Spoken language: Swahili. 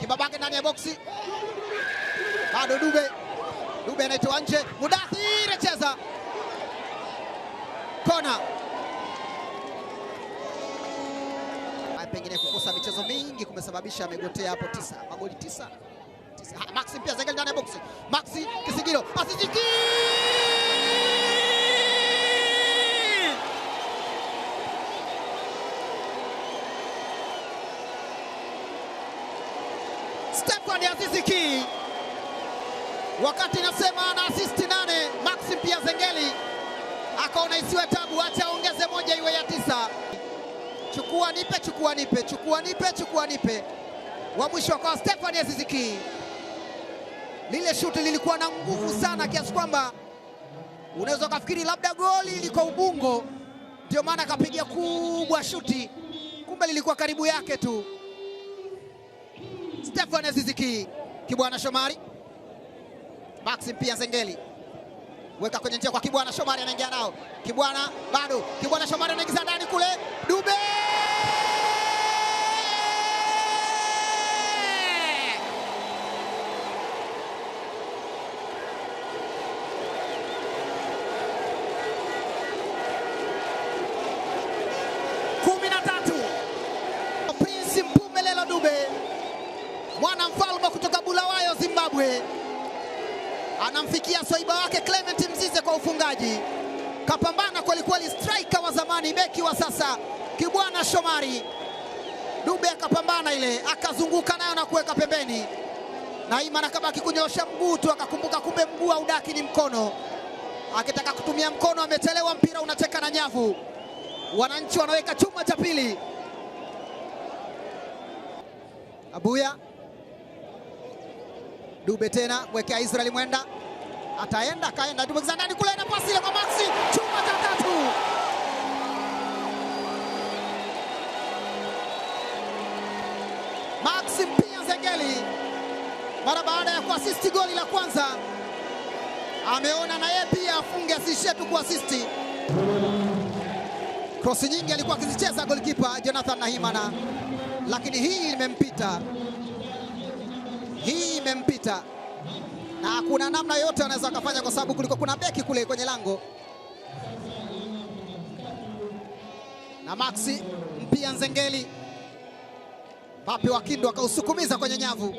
kibabake ndani ya boksi, bado Dube, Dube anaitoa nje, Mudathir cheza kona. Ah, pengine kukosa michezo mingi kumesababisha amegotea hapo tisa, magoli tisa, tisa. Ha, ah, Maxi pia Zegel ndani ya boksi, Maxi Kisigilo pasijiki Stefan Azizi Ki, wakati nasema ana asisti nane. Maxi pia Zengeli akaona isiwe tabu, acha aongeze moja iwe ya tisa. Chukua nipe, chukua nipe, chukua nipe, chukua nipe, wa mwisho kwa Stefan Azizi Lile shuti lilikuwa na nguvu sana kiasi kwamba unaweza ukafikiri labda goli liko Ubungo, ndio maana akapiga kubwa shuti, kumbe lilikuwa karibu yake tu. Stefan Aziziki Kibwana Shomari, Maxim pia Zengeli weka kwenye njia kwa Kibwana Shomari, anaingia nao Kibwana bado Kibwana Shomari Zimbabwe anamfikia swaiba wake Clement Mzize kwa ufungaji. Kapambana kwelikweli, striker wa zamani, beki wa sasa Kibwana Shomari Dube akapambana ile, akazunguka nayo na kuweka pembeni. Naiman akabaki kunyoosha mguu tu, akakumbuka kumbe mguu audaki ni mkono. Akitaka kutumia mkono ametelewa, mpira unacheka na nyavu. Wananchi wanaweka chuma cha pili. Abuya Dube tena mwekea Israel Mwenda, ataenda akaenda Dube kiza ndani kule, na pasi ile kwa Maxi, chuma cha tatu. Maxi Mpia zegeli mara baada ya kuasisti goli la kwanza ameona na yeye pia afunge, asishetu kuasisti. Krosi nyingi alikuwa akizicheza golikipa Jonathan Nahimana, lakini hii imempita imempita na kuna namna yote anaweza akafanya, kwa sababu kuliko kuna beki kule kwenye lango na Maxi Mpia Nzengeli, Mbappe wa Kindu akausukumiza kwenye nyavu.